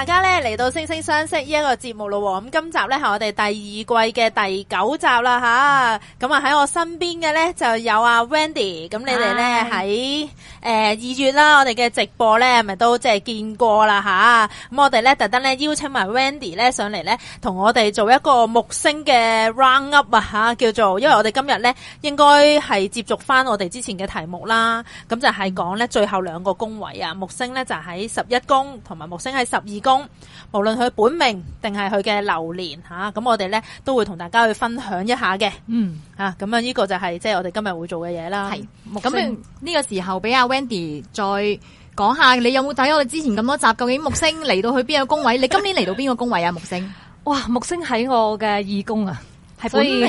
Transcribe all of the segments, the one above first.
大家咧嚟到《星聲相析》呢一個節目咯，咁今集咧係我哋第二季嘅第九集啦，吓，咁啊，喺我身邊嘅咧就有阿、啊、Wendy，咁你哋咧喺誒二月啦，我哋嘅直播咧係咪都即係見過啦，吓、啊、咁我哋咧特登咧邀請埋 Wendy 咧上嚟咧同我哋做一個木星嘅 round up 啊，吓叫做，因為我哋今日咧應該係接觸翻我哋之前嘅題目啦，咁就係講咧最後兩個宮位啊，木星咧就喺十一宮，同埋木星喺十二宮。無論佢本命定係佢嘅流年吓，咁、啊、我哋咧都會同大家去分享一下嘅。嗯，啊，咁樣呢個就係即係我哋今日會做嘅嘢啦。係，咁呢呢個時候俾阿 Wendy 再講下，你有冇睇我哋之前咁多集？究竟木星嚟到去邊個宮位？你今年嚟到邊個宮位啊？ 木星，哇，木星喺我嘅二宮啊，係所以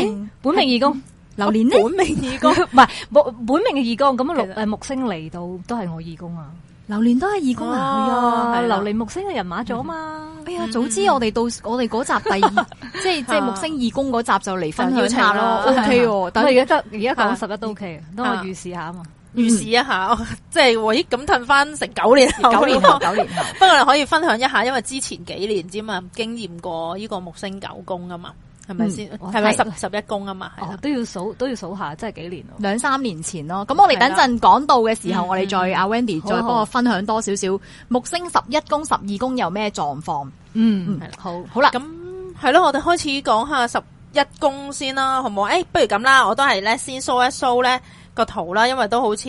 本命二宮？流年呢？本命二宮？唔 係本命二宮。咁啊木星嚟到都係我二宮啊。流年都係二宮啊，流年木星嘅人馬咗啊嘛、嗯，哎呀，早知我哋到我哋嗰集第二，嗯、即係 即係木星二宮嗰集就離婚要請咯，O K 喎，但係而家得而家講十一都 O K 嘅，等我預示下啊嘛，預示一下，嗯、即係哇咦咁褪翻成九年後，九年後，九年後，不 過你可以分享一下，因為之前幾年之嘛，經驗過呢個木星九宮啊嘛。係咪先？係、嗯、咪十十一宮啊嘛是？哦，都要數都要數下，真係幾年咯？兩三年前咯。咁我哋等陣講到嘅時候，我哋再阿、嗯啊、Wendy 再幫我分享多少少木星十一宮、十二宮有咩狀況？嗯，係啦，好好,好啦。咁係咯，我哋開始講下十一宮先啦，好唔好？誒、欸，不如咁啦，我都係咧先 show 一 show 咧個圖啦，因為都好似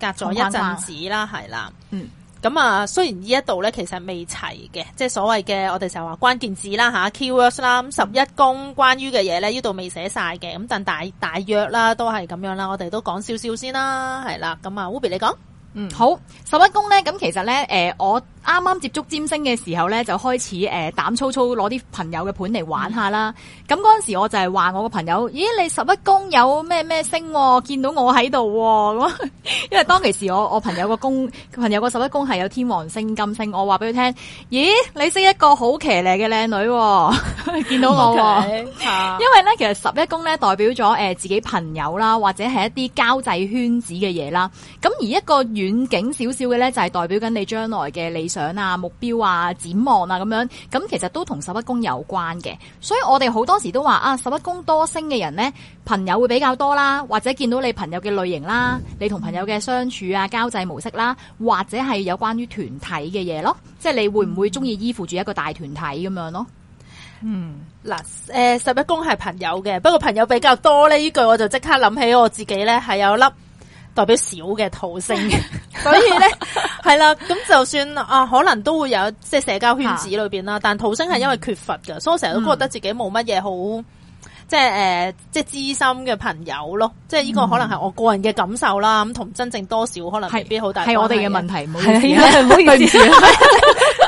隔咗一陣子啦，係啦，嗯。咁啊，雖然呢一度咧，其實未齊嘅，即係所謂嘅我哋成日話關鍵字啦吓，keywords 啦，咁十一宮關於嘅嘢咧，呢度未寫晒嘅，咁但大大約啦，都係咁樣啦，我哋都講少少先啦，係啦，咁啊，Ubi 你講。嗯、好，十一宮咧，咁其實咧，誒、呃，我啱啱接觸占星嘅時候咧，就開始誒膽、呃、粗粗攞啲朋友嘅盤嚟玩下啦。咁嗰陣時我就係話我個朋友，咦，你十一宮有咩咩星啊？見到我喺度啊，喎！」因為當其時我我朋友個宮，朋友個十一宮係有天王星、金星，我話俾佢聽，咦，你識一個好騎呢嘅靚女啊， 見到我，okay, uh. 因為咧其實十一宮咧代表咗誒自己朋友啦，或者係一啲交際圈子嘅嘢啦。咁而一個月。遠景少少嘅呢，就係代表緊你將來嘅理想啊、目標啊、展望啊咁樣。咁其實都同十一宮有關嘅，所以我哋好多時都話啊，十一宮多星嘅人呢，朋友會比較多啦，或者見到你朋友嘅類型啦，你同朋友嘅相處啊、交際模式啦，或者係有關於團體嘅嘢咯，即係你會唔會中意依附住一個大團體咁樣咯？嗯，嗱、嗯，誒、呃，十一宮係朋友嘅，不過朋友比較多呢。呢句我就即刻諗起我自己呢，係有粒。代表少嘅土星，生 所以咧係啦，咁 就算啊，可能都會有即係社交圈子裏邊啦、啊，但土星係因為缺乏嘅、嗯，所以我成日都覺得自己冇乜嘢好，即係誒、呃，即係知心嘅朋友咯，嗯、即係呢個可能係我個人嘅感受啦，咁同真正多少可能未必好大，係我哋嘅問題，唔好意 思起、啊。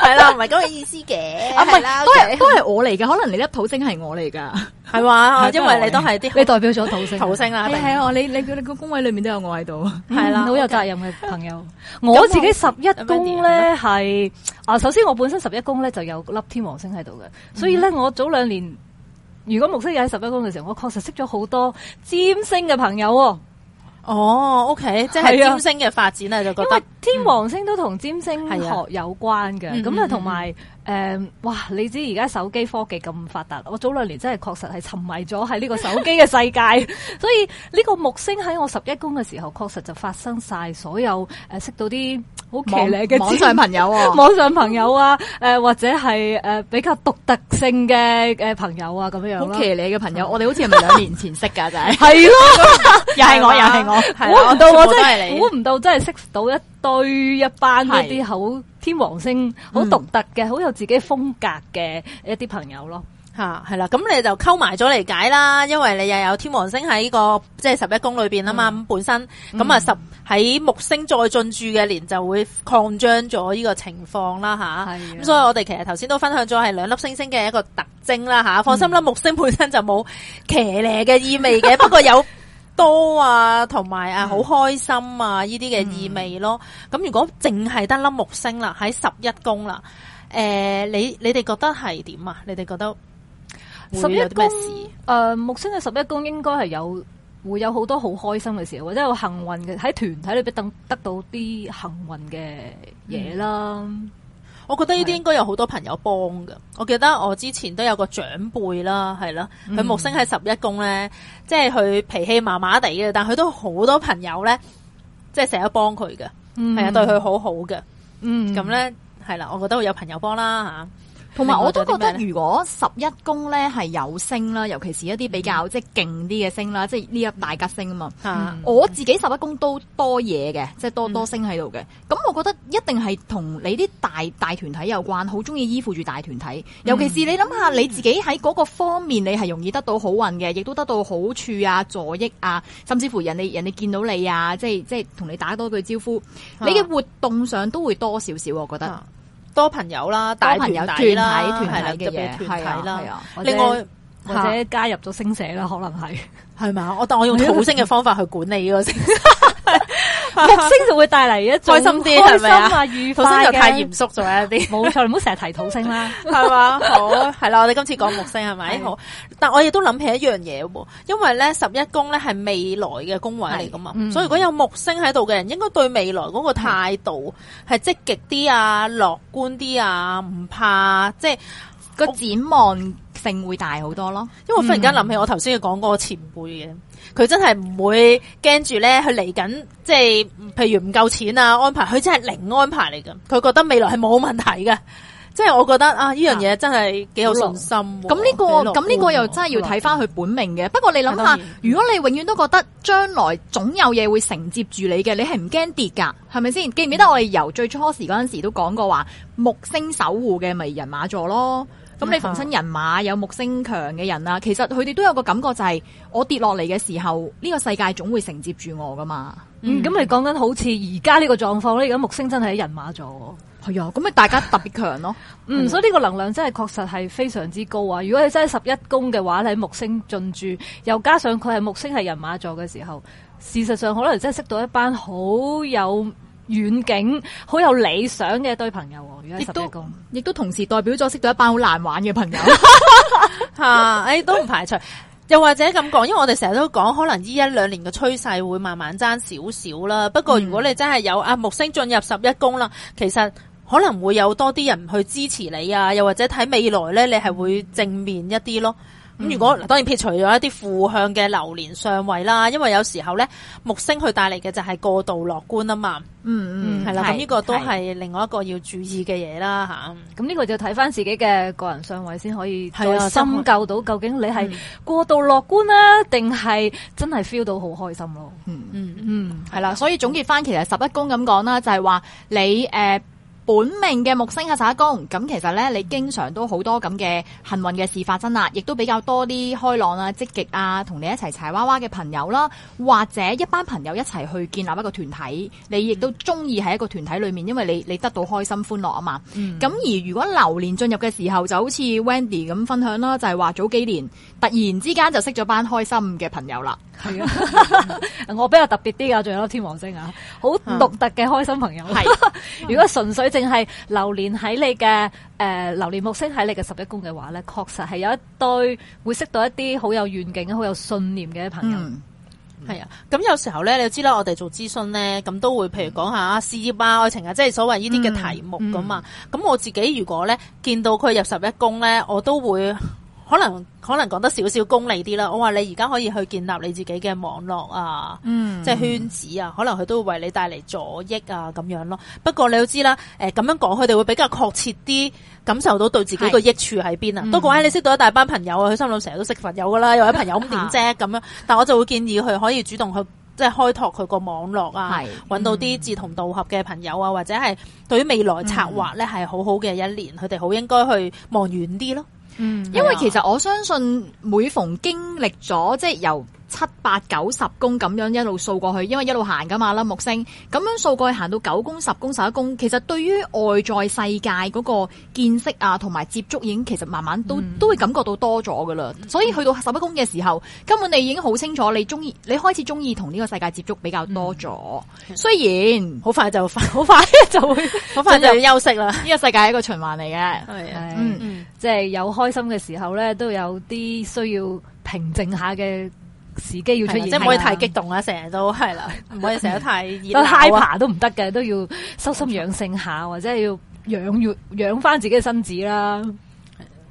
係 啦，唔係咁嘅意思嘅，係、啊、啦、okay，都係都係我嚟嘅，可能你粒土星係我嚟噶，係嘛？ 因為你都係啲，你代表咗土星了，土星啦，啊，你你你個宮位裏面都有我喺度，係啦，好、嗯、有責任嘅朋友。 我自己十一宮咧係啊，首先我本身十一宮咧就有粒天王星喺度嘅，所以咧、嗯、我早兩年如果木星又喺十一宮嘅時候，我確實識咗好多占星嘅朋友。哦、oh，OK， 即係占星嘅發展咧，你就覺得因為天王星都同占星係學有關嘅，咁啊同埋。誒、嗯，哇！你知而家手機科技咁發達，我早兩年真係確實係沉迷咗喺呢個手機嘅世界， 所以呢個木星喺我十一宮嘅時候，確實就發生晒所有誒、呃、識到啲好騎呢嘅網上朋友，網上朋友啊，誒或者係誒比較獨特性嘅誒朋友啊咁、呃呃啊、樣好騎呢嘅朋友， 我哋好似係咪兩年前識噶？就係係咯， 又係是我， 又係是我，估 唔、啊啊、到我真係，我不到真係估唔到，真係識到一。對一班一啲好天王星、好獨特嘅、好有自己風格嘅一啲朋友咯，吓係啦，咁、嗯、你就溝埋咗嚟解啦，因為你又有天王星喺、這個即係十一宮裏邊啊嘛，本身咁啊十喺木星再進駐嘅年就會擴張咗呢個情況啦，吓咁所以我哋其實頭先都分享咗係兩粒星星嘅一個特徵啦，吓放心啦、嗯，木星本身就冇騎咧嘅意味嘅， 不過有。多啊，同埋啊，好、嗯、開心啊！呢啲嘅意味咯。咁、嗯、如果淨係得粒木星啦，喺十一宮啦，誒、呃，你你哋覺得係點啊？你哋覺得會有咩事？誒、呃，木星嘅十一宮應該係有會有好多好開心嘅事，或者有幸運嘅喺團體裏邊得得到啲幸運嘅嘢啦。嗯我覺得呢啲應該有好多朋友幫噶，我記得我之前都有個長輩啦，係啦，佢木星喺十一宮咧、嗯，即係佢脾氣麻麻地嘅，但佢都好多朋友咧，即係成日幫佢嘅，係啊，對佢好好嘅。嗯，咁咧係啦，我覺得會有朋友幫啦。同埋我都覺得，如果十一宮咧，係有星啦，尤其是一啲比較即係勁啲嘅星啦，即係呢一大吉星啊嘛，嗯。我自己十一宮都多嘢嘅，即係多多星喺度嘅。咁，嗯、我覺得一定係同你啲大大團體有關，好中意依附住大團體。尤其是你諗下你自己喺嗰個方面，你係容易得到好運嘅，亦都得到好處啊、助益啊，甚至乎人哋人哋見到你啊，即係即係同你打多句招呼，你嘅活動上都會多少少，我覺得。嗯多朋友啦，大朋友團體團體嘅嘢，係啊，另外或者加入咗星社啦，可能係，係咪，我但我用好星嘅方法去管理呢個星。 木星就會帶嚟一開心啲，係咪啊？頭先就太嚴肅咗一啲，冇 錯，唔好成日提土星啦，係 嘛？好，係 啦，我哋今次講木星係咪？好，但係我亦都諗起一樣嘢，因為咧十一宮咧係未來嘅宮位嚟噶嘛，所以如果有木星喺度嘅人，應該對未來嗰個態度係積極啲啊，樂觀啲啊，唔怕，即係個展望性會大好多咯、嗯。因為我忽然間諗起我頭先講過嗰個前輩嘅。佢真係唔會驚住咧，佢嚟緊即係，譬如唔夠錢啊，安排佢真係零安排嚟噶。佢覺得未來係冇問題㗎。即係我覺得啊，呢樣嘢真係幾有信心。咁呢個，咁呢個又真係要睇翻佢本命嘅。不過你諗下，如果你永遠都覺得將來總有嘢會承接住你嘅，你係唔驚跌噶，係咪先？記唔記得我哋由最初時嗰陣時都講過話木星守護嘅咪人馬座咯。咁你逢親人馬有木星強嘅人啦，其實佢哋都有個感覺就係我跌落嚟嘅時候，呢個世界總會承接住我噶嘛，嗯嗯。咁你講緊好似而家呢個狀況咧，而家木星真係喺人馬座。係啊，咁咪大家特別強咯。 嗯，所以呢個能量真係確實係非常之高啊！如果你真係十一宮嘅話，喺木星進駐，又加上佢係木星係人馬座嘅時候，事實上可能真係識到一班好有遠景好有理想嘅一堆朋友，如果係十一宮亦，亦都同時代表咗識到一班好難玩嘅朋友，吓、 啊，誒都唔排除。又或者咁講，因為我哋成日都講，可能呢一兩年嘅趨勢會慢慢爭少少啦。不過如果你真係有阿、啊、木星進入十一宮啦，其實可能會有多啲人去支持你啊，又或者睇未來呢，你係會正面一啲咯。咁、嗯、如果當然撇除咗一啲負向嘅流年相位啦，因為有時候咧木星去帶嚟嘅就係過度樂觀啊嘛。嗯嗯，係、嗯、啦，咁呢個都係另外一個要注意嘅嘢啦嚇。咁呢、啊、個就睇翻自己嘅個人相位先可以再深究到究竟你係過度樂觀啦、啊，定、嗯、係真係 feel 到好開心咯。嗯嗯嗯，係、嗯、啦、嗯，所以總結翻其實十一宮咁講啦，就係、是、話你誒。呃本命嘅木星喺十一宮，咁其實咧，你經常都好多咁嘅幸運嘅事發生啦，亦都比較多啲開朗啊、積極啊，同你一齊柴娃娃嘅朋友啦，或者一班朋友一齊去建立一個團體、嗯，你亦都中意喺一個團體裏面，因為你你得到開心歡樂啊嘛。咁、嗯、而如果流年進入嘅時候，就好似 Wendy 咁分享啦，就係、是、話早幾年突然之間就識咗班開心嘅朋友啦。係啊，我比較特別啲噶，仲有粒天王星啊，好 獨特嘅開心朋友。係，如果純粹。淨係流連喺你嘅、誒、流連木星喺你嘅十一宮嘅話咧，確實係有一堆會識到一啲好有遠景、好有信念嘅朋友。係、嗯嗯、啊，咁有時候咧，你知啦，我哋做諮詢咧，咁都會譬如講下事業啊、愛情啊，即係所謂呢啲嘅題目咁啊。咁、嗯嗯、我自己如果咧見到佢入十一宮咧，我都會。可能可能講得少少功利啲啦，我話你而家可以去建立你自己嘅網絡啊，嗯、即係圈子啊，可能佢都會為你帶嚟助益啊咁樣咯。不過你都知啦，誒咁樣講，佢哋會比較確切啲感受到對自己嘅益處喺邊啊。嗯、都講喺你識到一大班朋友啊，佢心諗成日都識朋友噶啦，又有朋友咁點啫咁樣。但我就會建議佢可以主動去即係開拓佢個網絡啊，揾、嗯、到啲志同道合嘅朋友啊，或者係對於未來策劃咧係好好嘅一年，佢哋好應該去望遠啲咯。嗯，因為其實我相信每逢經歷咗，即係由。七八九十宮咁樣一路掃過去，因為一路行噶嘛啦，木星咁樣掃過去行到九宮十宮十一宮，其實對於外在世界嗰個見識啊，同埋接觸已經其實慢慢都、嗯、都會感覺到多咗噶啦。嗯、所以去到十一宮嘅時候，根本你已經好清楚你，你中意你開始中意同呢個世界接觸比較多咗。嗯、雖然好快就好快就會好 快就要休息啦。呢個世界係一個循環嚟嘅，係即係有開心嘅時候咧，都有啲需要平靜下嘅。時機要出現，即係唔可以太激動啊！成日都係啦，唔可以成日都太熱了 但都 high 爬都唔得嘅，都要收心養性下，或者要養養養翻自己嘅身子啦。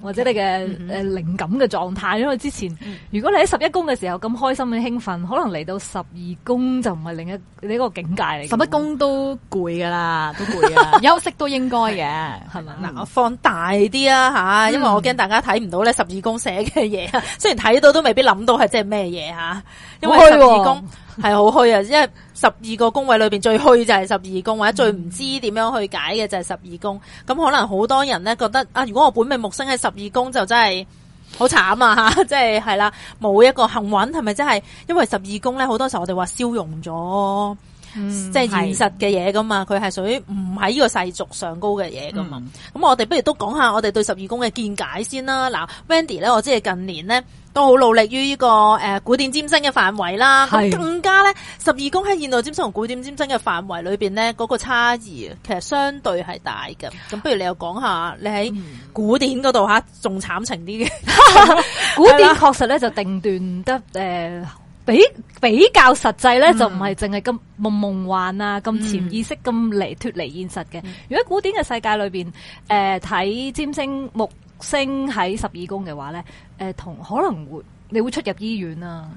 或者你嘅誒靈感嘅狀態，因為之前如果你喺十一宮嘅時候咁開心咁興奮，mm-hmm. 可能嚟到十二宮就唔係另一你個境界嚟。十一宮都攰噶啦，都攰啊， 休息都應該嘅係咪。嗱， 我放大啲啦吓，因為我驚大家睇唔到咧十二宮寫嘅嘢，雖然睇到都未必諗到係即係咩嘢吓，因為十二宮。係好虛啊！因為十二個宮位裏邊最虛就係十二宮，或者最唔知點樣去解嘅就係十二宮。咁、嗯、可能好多人呢覺得啊，如果我本命木星喺十二宮就真係好慘啊！吓，即係係啦，冇一個幸運係咪？即係真係因為十二宮呢，好多時候我哋話消融咗。即係現實嘅嘢噶嘛，佢係屬於唔喺呢個世俗上高嘅嘢噶嘛。咁、嗯、我哋不如都講下我哋對十二宮嘅見解先啦。嗱 Wendy 咧，我知係近年呢都好努力於呢、這個誒、呃、古典占星嘅範圍啦。係更加咧，十二宮喺現代占星同古典占星嘅範圍裏邊咧，嗰、那個差異其實相對係大嘅。咁不如你又講下你喺古典嗰度吓，仲、嗯、慘情啲嘅、嗯？ 古典確實咧就定段得誒。嗯呃比比較實際咧、嗯，就唔係淨係咁夢夢幻啊，咁潛意識咁離脫離現實嘅、嗯。如果古典嘅世界裏邊誒睇占星木星喺十二宮嘅話咧，誒、呃、同可能會。你會出入醫院啊？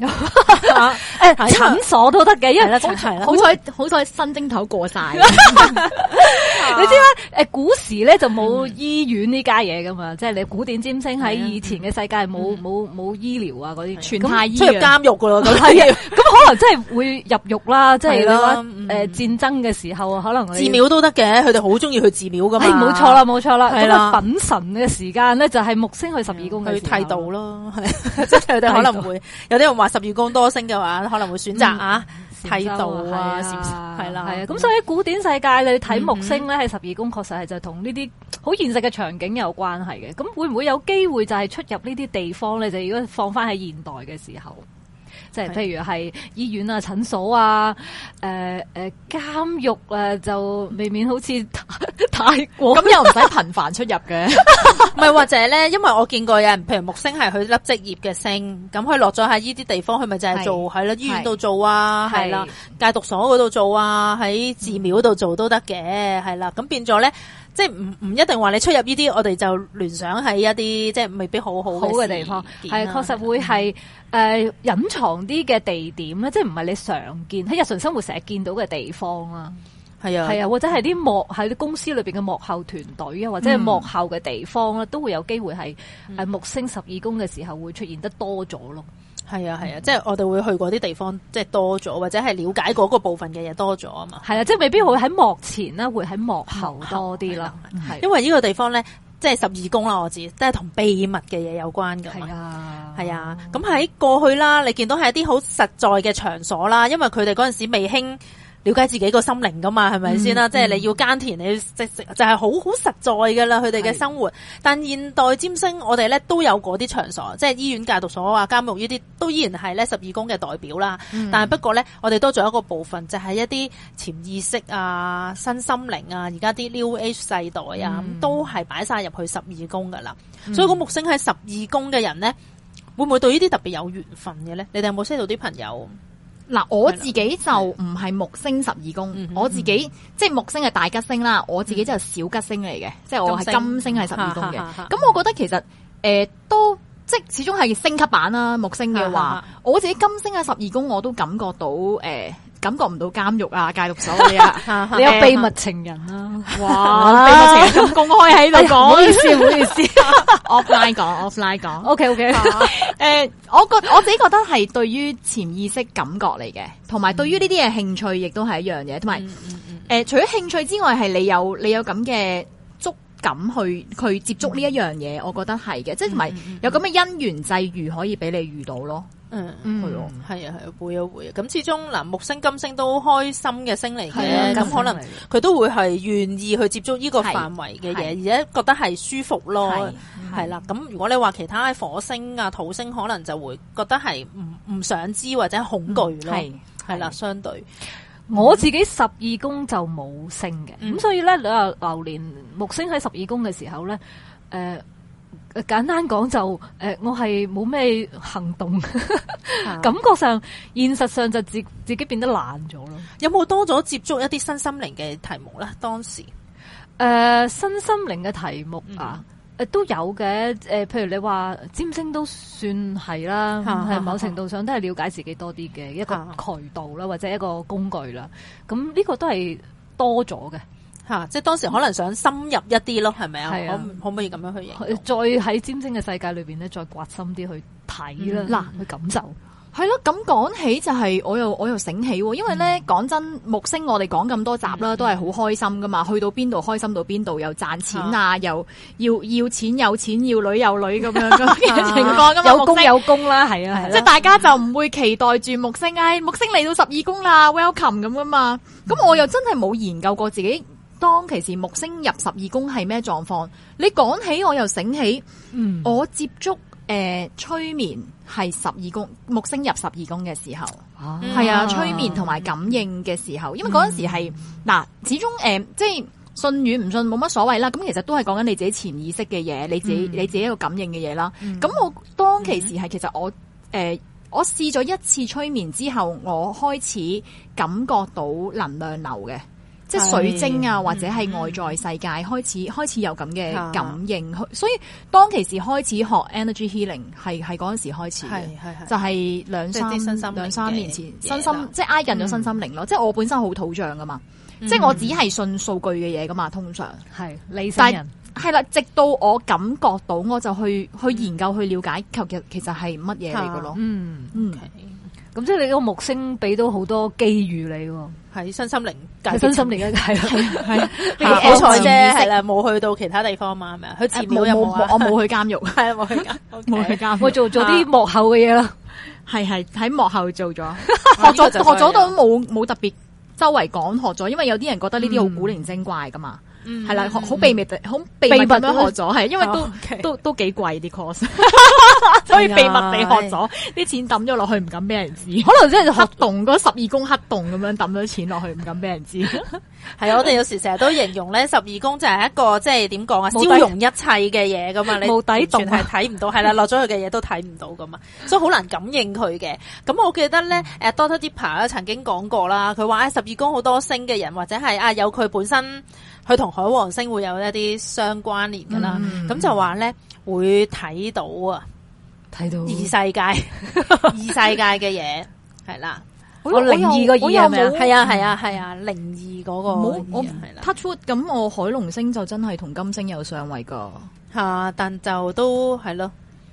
誒、 啊，診、欸、所都得嘅，因為好彩好彩，新正頭過晒。你知嗎？誒，古時咧就冇醫院呢家嘢噶嘛，嗯、即係你古典占星喺以前嘅世界冇冇冇醫療啊嗰啲，全派醫院出入監獄噶咯，咁可能真係會入獄啦， 即係咯，誒、呃，戰爭嘅時候可能寺廟都得嘅，佢哋好中意去寺廟噶嘛，冇、哎、錯啦，冇錯啦，咁啦品神嘅時間咧就係木星去十二宮去剃度咯，係。即係佢哋可能會，有啲人話十二宮多星嘅話，可能會選擇啊，睇、嗯啊、到啊，係啦，係啊，咁、啊啊啊、所以喺古典世界你睇木星咧，喺十二宮確實係就同呢啲好現實嘅場景有關係嘅。咁會唔會有機會就係出入呢啲地方咧？就如果放翻喺現代嘅時候？即、就、係、是、譬如係醫院啊、診所啊、誒誒監獄啊，就未免好似太過咁， 又唔使頻繁出入嘅 唔係或者咧，因為我見過有人，譬如木星係佢粒職業嘅星，咁佢落咗喺呢啲地方，佢咪就係做喺啦醫院度做啊，係啦戒毒所嗰度做啊，喺寺廟度做都得嘅，係啦。咁變咗咧。即係唔唔一定話你出入呢啲，我哋就聯想喺一啲即係未必好好嘅地方，係確實會係，誒隱藏啲嘅地點咧，即係唔係你常見喺日常生活成日見到嘅地方啦，係啊係啊，或者係啲幕喺公司裏邊嘅幕後團隊啊，或者係幕後嘅地方咧、嗯，都會有機會係誒木星十二宮嘅時候會出現得多咗咯。係啊係啊，係啊嗯、即係我哋會去嗰啲地方，即係多咗，或者係了解嗰個部分嘅嘢多咗啊嘛。係、嗯、啊，即係未必會喺幕前啦，會喺幕後多啲啦。係、啊啊啊啊，因為呢個地方咧，即係十二宮啦，我知都係同秘密嘅嘢有關噶啊，係啊，咁喺過去啦，你見到係一啲好實在嘅場所啦，因為佢哋嗰陣時未興。了解自己個心靈噶嘛，係咪先啦？即係你要耕田，你即就係好好實在嘅啦。佢哋嘅生活，但現代占星我哋咧都有嗰啲場所，即係醫院、戒毒所啊、監獄呢啲，都依然係咧十二宮嘅代表啦、嗯。但係不過咧，我哋仲有一個部分，就係、是、一啲潛意識啊、新心靈啊，而家啲 New Age 世代啊，嗯、都係擺晒入去十二宮噶啦。所以個木星喺十二宮嘅人咧，會唔會對呢啲特別有緣分嘅咧？你哋有冇識到啲朋友？嗱，我自己就唔係木星十二宮，我自己即係木星係大吉星啦，我自己即係小吉星嚟嘅，即係我係金星係十二宮嘅，咁 我覺得其實都即係始終係升級版啦。木星嘅話， 我自己金星係十二宮我都感覺到、呃感覺唔到監獄啊，戒毒所嗰啲啊，你有秘密情人啊？哇，秘密情人點公開喺度講？唔好意思，唔好意思，offline 講，offline 講。OK，OK。誒，我覺我自己覺得係對於潛意識感覺嚟嘅，同埋對於呢啲嘢興趣亦都係一樣嘢。同埋，誒，除咗興趣之外，係你有你有咁嘅觸感去去接觸呢一樣嘢，我覺得係嘅。即係同埋有咁嘅因緣際遇可以俾你遇到咯。嗯，係係啊，係啊，會啊，會啊。咁始終嗱，木星、金星都開心嘅星嚟嘅，咁可能佢都會係願意去接觸呢個範圍嘅嘢，而且覺得係舒服咯，係啦。咁如果你話其他火星啊、土星，可能就會覺得係唔唔想知或者恐懼咯，係係啦。相對我自己十二宮就冇星嘅，咁、嗯、所以咧你話流年木星喺十二宮嘅時候咧，誒、呃。簡單講就誒、呃，我係冇咩行動， 感覺上、現實上就自自己變得爛咗咯。有冇多咗接觸一啲新心靈嘅題目咧？當時誒、呃，新心靈嘅題目啊，誒、嗯呃、都有嘅。誒、呃，譬如你話占星都算係啦，係 某程度上都係了解自己多啲嘅 一個渠道啦，或者一個工具啦。咁呢個都係多咗嘅。啊、即係當時可能想深入一啲咯，係咪啊？可可唔可以咁樣去影？再喺占星嘅世界裏邊咧，再刮深啲去睇啦、嗯，嗱、嗯，去感受。係、嗯、咯，咁講起就係我又我又醒起，因為咧講、嗯、真木星，我哋講咁多集啦，都係好開心噶嘛。去到邊度開心到邊度，又賺錢啊，嗯、又要要錢有錢，要女,要女的的 有女咁樣嘅情況有工有工啦，係啊係。即係大家就唔會期待住木星，唉、哎，木星嚟到十二宮啦，Welcome 咁噶嘛。咁、嗯、我又真係冇研究過自己。當其時木星入十二宮係咩狀況？你講起我又醒起，我接觸誒、呃、催眠係十二宮木星入十二宮嘅時候，係啊、啊，催眠同埋感應嘅時候，因為嗰陣時係嗱、嗯，始終誒、呃、即係信與唔信冇乜所謂啦。咁其實都係講緊你自己潛意識嘅嘢，你自己、嗯、你自己一個感應嘅嘢啦。咁、嗯、我當其時係、嗯、其實我誒、呃、我試咗一次催眠之後，我開始感覺到能量流嘅。即係水晶啊，或者係外在世界開始、嗯嗯、開始開始有咁嘅感應，所以當其時開始學 energy healing 係係嗰陣時開始就係、是、兩三兩三年前，身心、嗯、即係挨近咗身心靈咯、嗯。即係我本身好土象噶嘛，嗯、即係我只係信數據嘅嘢噶嘛，通常係理性人係啦。直到我感覺到，我就去去研究去了解，解，其實係係乜嘢嚟噶咯？嗯咁、嗯 okay、即係你個木星俾到好多機遇你。係身心靈，係身心靈啦，係係好彩啫，係 啦、啊，冇去到其他地方嘛，係咪、 okay、 啊？佢前有冇，我冇去監獄，係冇去，冇去監，我做做啲幕後嘅嘢咯，係係喺幕後做咗、啊，學咗、啊、學咗都冇冇特別周圍講學咗，因為有啲人覺得呢啲好古靈精怪噶嘛。嗯係、嗯、啦，好秘密，好秘密都樣學咗，係因為都、哦 okay、都都幾貴啲 course 所以秘密地學咗啲、哎、錢抌咗落去，唔敢俾人知。可能真係黑洞十二宮黑洞咁樣抌咗錢落去，唔 敢俾人知。係 我哋有時成日都形容咧，十二宮就係一個即係點講啊，消融一切嘅嘢啊。你冇底，完全係睇唔到，係啦，落咗去嘅嘢都睇唔到噶啊。 所以好難感應佢嘅。咁我記得咧，誒 Doctor Dipper 咧曾經講過啦，佢話、哎、十二宮好多星嘅人或者係啊有佢本身。佢同海王星會有一啲相關聯噶啦，咁、嗯、就話咧會睇到啊，睇到異世界，異 世界嘅嘢係啦，我靈異嘅嘢係咪啊？係啊係啊係啊，靈異嗰個，我唔係啦。Touch wood，咁我海龍星就真係同金星有上位噶吓，但就都係咯。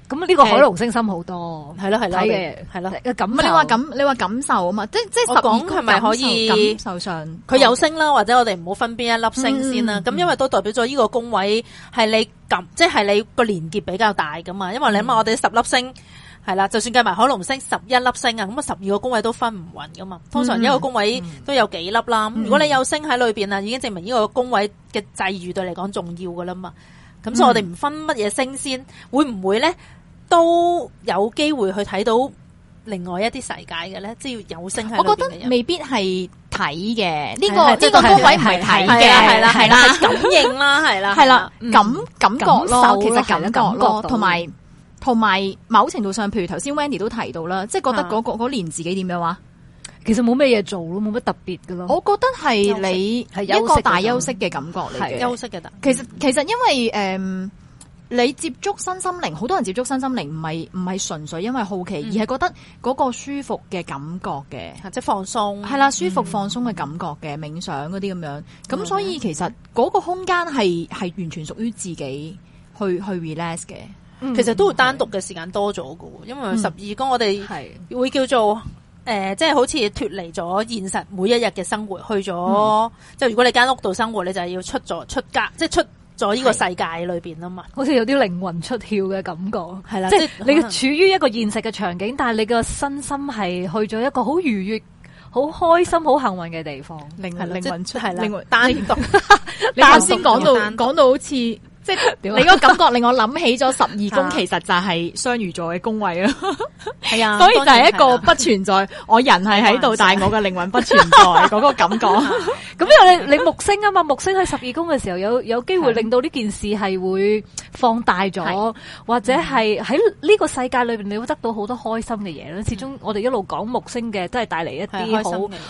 咁呢個海龍星深好多，係啦係啦嘅，係咯。咁你話感你話感受啊嘛，即即十佢咪可以感受，感受上，佢有星啦，嗯、或者我哋唔好分邊一粒星先啦。咁、嗯、因為都代表咗呢個宮位係你感，即、嗯、係、就是、你個連結比較大噶嘛。因為你諗下，我哋十粒星係啦，就算計埋海龍星十一粒星啊，咁啊十二個宮位都分唔勻噶嘛。通常一個宮位都有幾粒啦、嗯嗯。如果你有星喺裏邊啊，已經證明呢個宮位嘅際遇對嚟講重要噶啦嘛。咁所以我哋唔分乜嘢新鮮，會唔會咧都有機會去睇到另外一啲世界嘅咧？即係有星，我覺得未必係睇嘅，呢個呢個宮位唔係睇嘅，係啦係啦，感應啦係啦，係啦感感覺受其實感覺咯，同埋同埋某程度上，譬如頭先 Wendy 都提到啦，即係覺得嗰個嗰年自己點樣話？其實冇咩嘢做咯，冇乜特別嘅咯。我覺得係你一個大休息嘅感覺嚟嘅，休息嘅。其實、嗯、其實因為誒、嗯，你接觸身心靈，好多人接觸身心靈唔係唔係純粹因為好奇，嗯、而係覺得嗰個舒服嘅感覺嘅，即係放鬆係啦，舒服放鬆嘅感覺嘅、嗯、冥想嗰啲咁樣。咁所以其實嗰個空間係係完全屬於自己去去 relax 嘅、嗯。其實都會單獨嘅時間多咗嘅、嗯，因為十二宮我哋係會叫做。誒、呃，即係好似脫離咗現實，每一日嘅生活去咗、嗯，即係如果你間屋度生活，你就係要出咗出家，即係出咗呢個世界裏邊啊嘛，好似有啲靈魂出竅嘅感覺，係啦，即係你處於一個現實嘅場景，但係你個身心係去咗一個好愉悅、好開心、好幸運嘅地方，靈靈魂出係啦，單獨， 你頭先講到講到好似。即係你個感覺令我諗起咗十二宮，其實就係雙魚座嘅宮位咯。係啊，所以就係一個不存在，我人係喺度，但係我嘅靈魂不存在嗰個感覺。咁因為你木星啊嘛，木星喺十二宮嘅時候，有有機會令到呢件事係會放大咗，或者係喺呢個世界裏邊你會得到好多開心嘅嘢咧。始終我哋一路講木星嘅，都係帶嚟一啲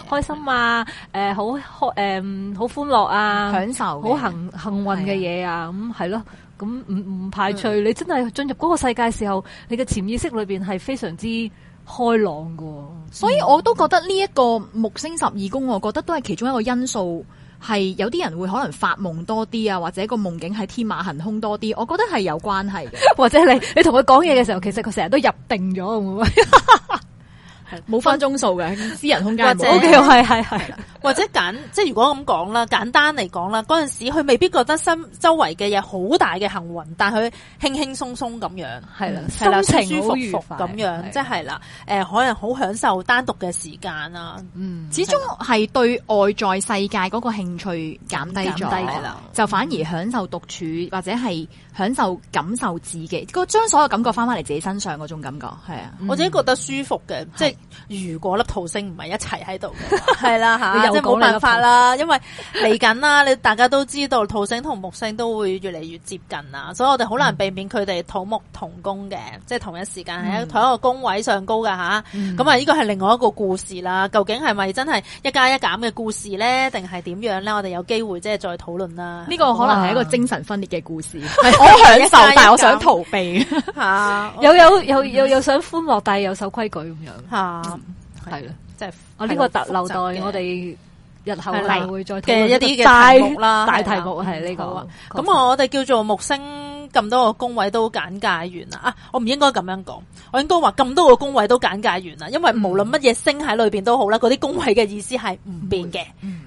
好開心啊，誒，好開誒，好歡樂啊，享受，好幸幸運嘅嘢啊，咁係。係咯，咁唔唔排除、嗯、你真係進入嗰個世界時候，你嘅潛意識裏邊係非常之開朗嘅，所以我都覺得呢一個木星十二宮，我覺得都係其中一個因素，係有啲人會可能發夢多啲啊，或者個夢境係天馬行空多啲，我覺得係有關係嘅， 或者你你同佢講嘢嘅時候，其實佢成日都入定咗。 冇分鐘數嘅 私人空間或者，係係係，或者簡 即係如果咁講啦，簡單嚟講啦，嗰陣時佢未必覺得身周圍嘅嘢好大嘅幸運，但佢輕輕鬆鬆咁樣，係啦，心情好愉快咁樣，是即係啦，誒、呃，可能好享受單獨嘅時間啦，嗯，是始終係對外在世界嗰個興趣減低咗，就反而享受獨處或者係享受感受自己個將所有感覺翻翻嚟自己身上嗰種感覺，係啊，嗯、我自己覺得舒服嘅，即係。如果粒土星唔係一齊喺度，係啦吓，又冇辦法啦，因為嚟緊啦，你大家都知道土星同木星都會越嚟越接近啊，所以我哋好難避免佢哋土木同宮嘅。嗯、即係同一時間喺、嗯、同一個宮位上高嘅吓。咁啊，呢個係另外一個故事啦。究竟係咪真係一加一減嘅故事咧，定係點樣咧？我哋有機會即係再討論啦。呢、這個可能係一個精神分裂嘅故事， 我享受但係我想逃避、嗯 有，有有有又又想歡樂但係又守規矩咁樣。嗯 係、嗯、啦，即係我呢個特留待我哋日後嚟會再嘅一啲嘅題目啦，大題目係呢、呢個。咁、嗯、我哋叫做木星。咁多個宮位都簡介完啦啊！我唔應該咁樣講，我應該話咁多個宮位都簡介完啦，因為無論乜嘢星喺裏邊都好啦，嗰啲宮位嘅意思係唔變嘅，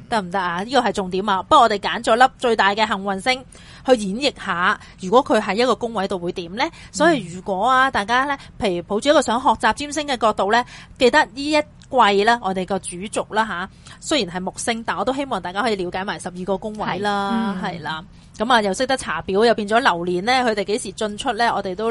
得唔得啊？呢個係重點啊！不過我哋揀咗粒最大嘅幸運星去演繹下，如果佢係一個宮位度會點呢？嗯？所以如果啊，大家呢，譬如抱住一個想學習占星嘅角度呢，記得呢一。貴啦，我哋個主軸啦吓，雖然係木星，但我都希望大家可以了解埋十二個宮位啦，係啦，咁、嗯、啊又識得查表，又變咗流年咧，佢哋幾時進出咧，我哋都。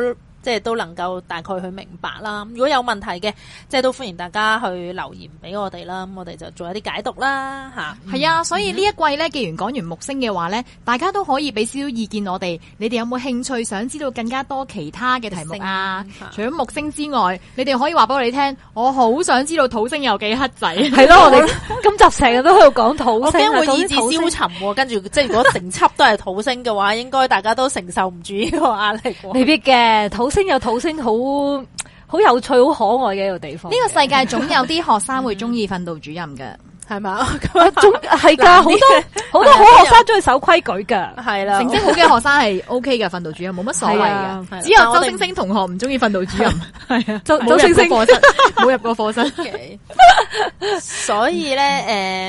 即係都能夠大概去明白啦。如果有問題嘅，即係都歡迎大家去留言俾我哋啦。咁我哋就做一啲解讀啦，嚇、嗯。係啊，所以呢一季咧，既然講完木星嘅話咧，大家都可以俾少少意見我哋。你哋有冇興趣想知道更加多其他嘅題，題目啊？嗯、除咗木星之外，嗯、你哋可以話俾我哋聽、啊。我好想知道土星有幾黑仔。係咯、啊， 我哋今集成日都喺度講土星啊。會意志消沉，跟住即係如果成輯都係土星嘅話，應該大家都承受唔住呢個壓力、啊。未必嘅土星有土星，好好有趣，好可愛嘅一個地方。呢個世界總有啲學生會中意訓導主任嘅、 嗯，係嘛？總係，但 好多好多好學生中意守規矩嘅，係啦。成績好嘅學生係 OK 嘅，訓導主任冇乜所謂嘅。 是的 只有周星星同學唔中意訓導主任，係啊，周星星冇課室，冇 入過課室嘅。 室 Okay . 所以咧，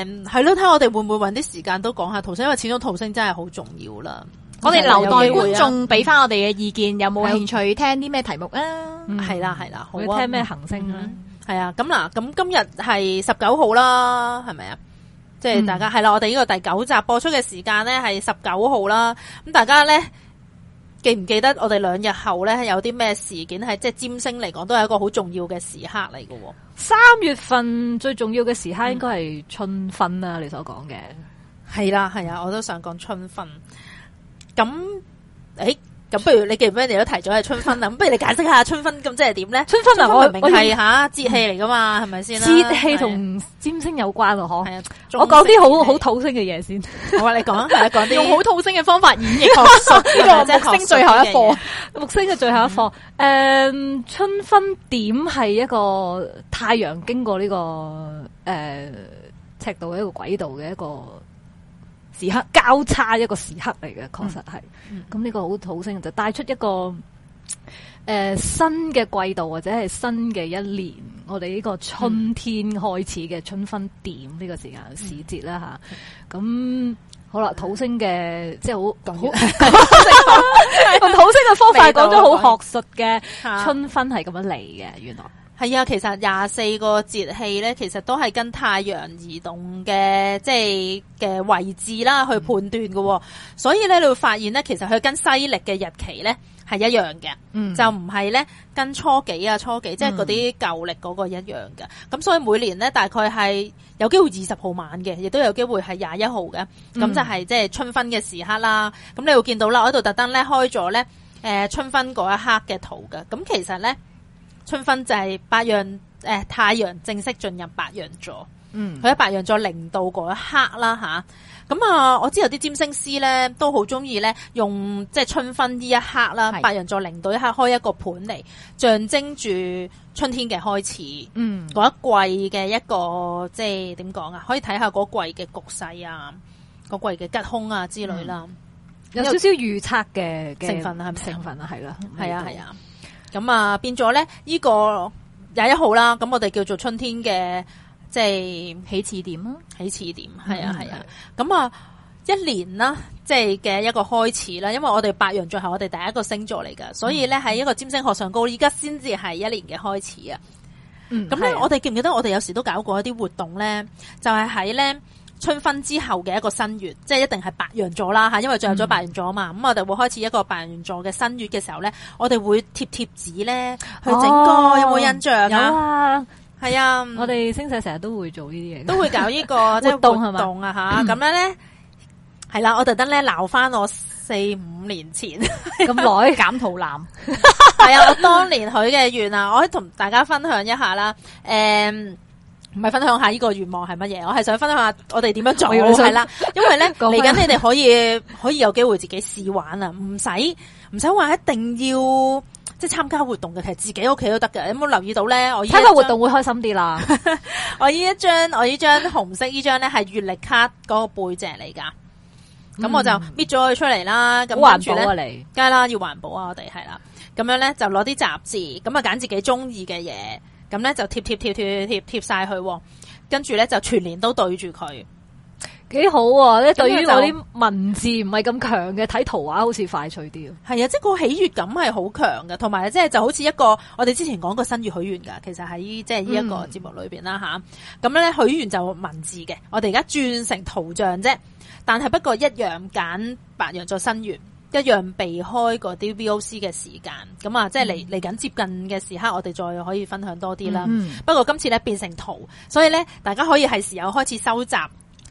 誒、um,，係咯，睇我哋會唔會揾啲時間都講下土星，因為始終土星真係好重要啦。我哋留待觀眾俾翻我哋嘅意見，嗯、有冇興趣聽啲咩題目啊？係、嗯、啦，係啦，好啊！聽咩行星啊？係、嗯、啊，咁嗱，咁今日係十九號啦，係咪啊？即、就、係、是、大家係啦、嗯，我哋呢個第九集播出嘅時間咧係十九號啦。咁大家咧記唔記得我哋兩日後咧有啲咩事件係即係占星嚟講都係一個好重要嘅時刻嚟嘅？三月份最重要嘅時刻應該係春分啦，嗯、你所講嘅係啦，係啊，我都想講春分。咁，誒、哎，咁不如你記唔記得你都提咗係春分啦，咁不如你解釋下春分咁即係點咧？春分啊，分啊分我係明係吓節氣嚟噶嘛？係咪先？節氣同占星有關咯，嗬？我講啲好好土星嘅嘢先。我話你講，講啲 用好土星嘅方法演繹 木星最後一課，木星嘅最後一課。誒、嗯，春分點係一個太陽經過呢、這個誒赤道一個軌道嘅一個。時刻交叉一個時刻嚟嘅，確實係。咁、嗯、呢、嗯、個好土星就帶出一個誒、呃、新嘅季度或者係新嘅一年，我哋呢個春天開始嘅春分點呢個時間、嗯、時節啦吓。咁、嗯嗯、好啦，土星嘅，即係好好土星嘅方法講咗好學術嘅春分係咁樣嚟嘅，原來。係啊，其實廿四個節氣咧，其實都係跟太陽移動嘅，即係嘅位置啦，去判斷喎、嗯。所以咧，你會發現咧，其實佢跟西曆嘅日期咧係一樣嘅、嗯。就唔係咧，跟初幾啊初幾，即係嗰啲舊曆嗰個一樣嘅。咁、嗯、所以每年咧，大概係有機會二十號晚嘅，亦都有機會係廿一號嘅。咁、嗯、就係即係春分嘅時刻啦。咁你會見到啦，我喺度特登咧開咗咧，誒春分嗰一刻嘅圖㗎。咁其實咧。春分就係白羊，誒、呃、太陽正式進入白羊座，嗯，佢喺白羊座零度嗰一刻啦吓，咁啊，我知有啲占星師咧都好中意咧用即係春分呢一刻啦，白羊座零度一刻開一個盤嚟，象徵住春天嘅開始，嗯，嗰一季嘅一個即係點講啊，可以睇下嗰季嘅局勢啊，嗰季嘅吉凶啊之類啦、嗯，有少少預測嘅成分啦，係咪成分啊，係咯，係啊，係 啊。咁啊，變咗咧，呢、這個廿一號啦，咁我哋叫做春天嘅，即、就、係、是、起始點、啊、起始點，係啊係啊，咁啊，啊，啊，啊，一年啦，即係嘅一個開始啦，因為我哋白羊座係，我哋第一個星座嚟噶、嗯，所以咧喺一個占星學上高，而家先至係一年嘅開始、嗯、呢啊。咁咧，我哋記唔記得我哋有時都搞過一啲活動咧，就係喺咧。春分之後嘅一個新月，即係一定係白羊座啦吓，因為最後咗白羊座啊嘛，咁、嗯、我哋會開始一個白羊座嘅新月嘅時候咧，我哋會貼貼紙咧去整歌，哦、有冇有印象啊？係啊，啊，我哋星社成日都會做呢啲嘢，都會搞呢、這個即係 活動、就是活動是嗯、是啊吓，咁樣咧係啦，我特登咧鬧翻我四五年前咁耐 減肚腩，係 啊，我當年許嘅願啊，我可以同大家分享一下啦，誒、嗯。唔係分享下呢個願望係乜嘢，我係想分享下我哋點樣做，係啦，因為咧嚟緊你哋可以可以有機會自己試玩啊，唔使唔使話一定要即係參加活動嘅，其實自己屋企都得嘅。有冇留意到咧？我依家睇個活動會開心啲啦。 我依一張我依張紅色呢張咧係月曆卡嗰個背脊嚟噶，咁、嗯、我就搣咗佢出嚟啦。咁環保啊你？梗係啦，要環保啊！我哋係啦，咁樣咧就攞啲雜誌，咁啊揀自己中意嘅嘢。咁咧就貼貼貼貼貼貼晒佢，跟住咧就全年都對住佢，幾好啊！咧對於有啲文字唔係咁強嘅，睇圖畫好似快脆啲。係啊，即係個喜悦感係好強嘅，同埋即係就好似一個我哋之前講過新月許願噶，其實喺即係呢一個節目裏邊啦吓。咁咧許願就文字嘅，我哋而家轉成圖像啫，但係不過一樣揀白羊座新月。一樣避開嗰啲 VOC 嘅時間，咁、嗯、啊，即係嚟嚟緊接近嘅時刻，我哋再可以分享多啲啦、嗯。不過今次咧變成圖，所以咧大家可以係時候開始收集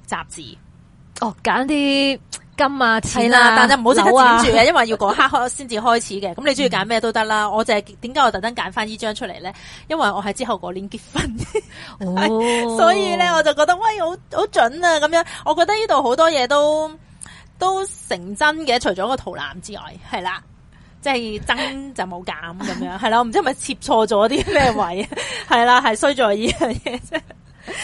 雜誌，哦，揀啲金啊錢啊啦，但係唔好即刻剪住嘅、啊，因為要嗰刻先至開始嘅。咁 你中意揀咩都得啦。我就係點解我特登揀翻依張出嚟咧？因為我係之後嗰年結婚，哦、 所以咧我就覺得喂好好準啊！咁樣，我覺得呢度好多嘢都。都成真嘅，除咗個肚腩之外，係啦，即係增就冇減咁樣，係 啦，我唔知係咪切錯咗啲咩位，係啦，係衰在呢樣嘢啫。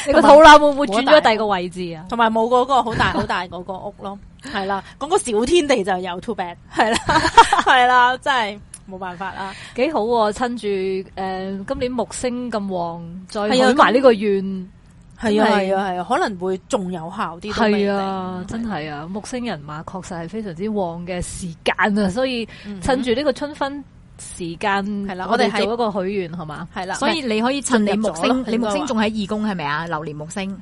你個肚腩會唔會轉咗第二個位置啊？同埋冇嗰個好大好 大嗰個屋咯，係啦，講、個小天地就有 too bad，係啦，係啦，真係冇辦法啦。幾好趁、啊、住誒、呃，今年木星咁旺，再選埋呢個願。係啊係啊係啊，啊，啊，可能會仲有效啲。係啊，啊，真係啊，木星人馬確實係非常之旺嘅時間啊，所以趁住呢個春分時間，我哋做一個許願，係嘛，啊？係啦，啊，所以你可以趁你木星，你木星仲喺二宮，係咪啊？流年木星。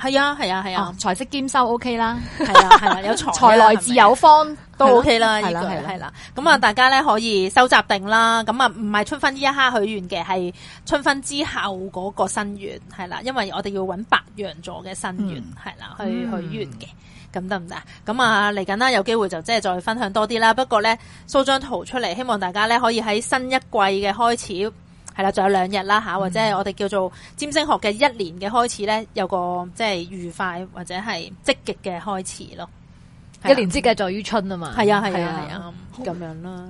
係啊係啊係啊，財、啊啊啊哦、色兼收 O K 啦，係啊係啊，啊，有財財來自有方都 O K 啦，呢、這個係係啦。咁啊，啊，啊，啊，大家咧可以收集定啦。咁、嗯、啊，唔係春分呢一刻許願嘅，係春分之後嗰個新月係啦，因為我哋要搵白羊座嘅新月係啦去去許願嘅，咁得唔得？咁啊嚟緊啦，有機會就即係再分享多啲啦。不過咧，梳張圖出嚟，希望大家咧可以喺新一季嘅開始。係啦，仲有兩日啦吓，或者係我哋叫做占星學嘅一年嘅開始咧、嗯，有個即係愉快或者係積極嘅開始咯、啊。一年之計在於春啊嘛，係啊係啊係啊，咁、啊啊啊啊啊、樣啦。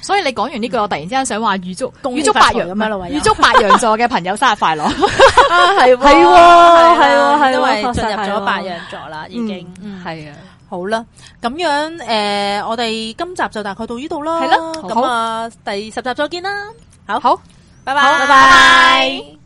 所以你講完呢句，我突然之間想話預祝預祝白羊咁樣咯，預祝白羊座嘅朋友生日快樂 啊！係係係，因為進入咗白羊座啦，已經係啊，好啦，咁樣誒、呃，我哋今集就大概到呢度啦。係啦，咁啊，第十集再見啦。好。拜拜，拜拜。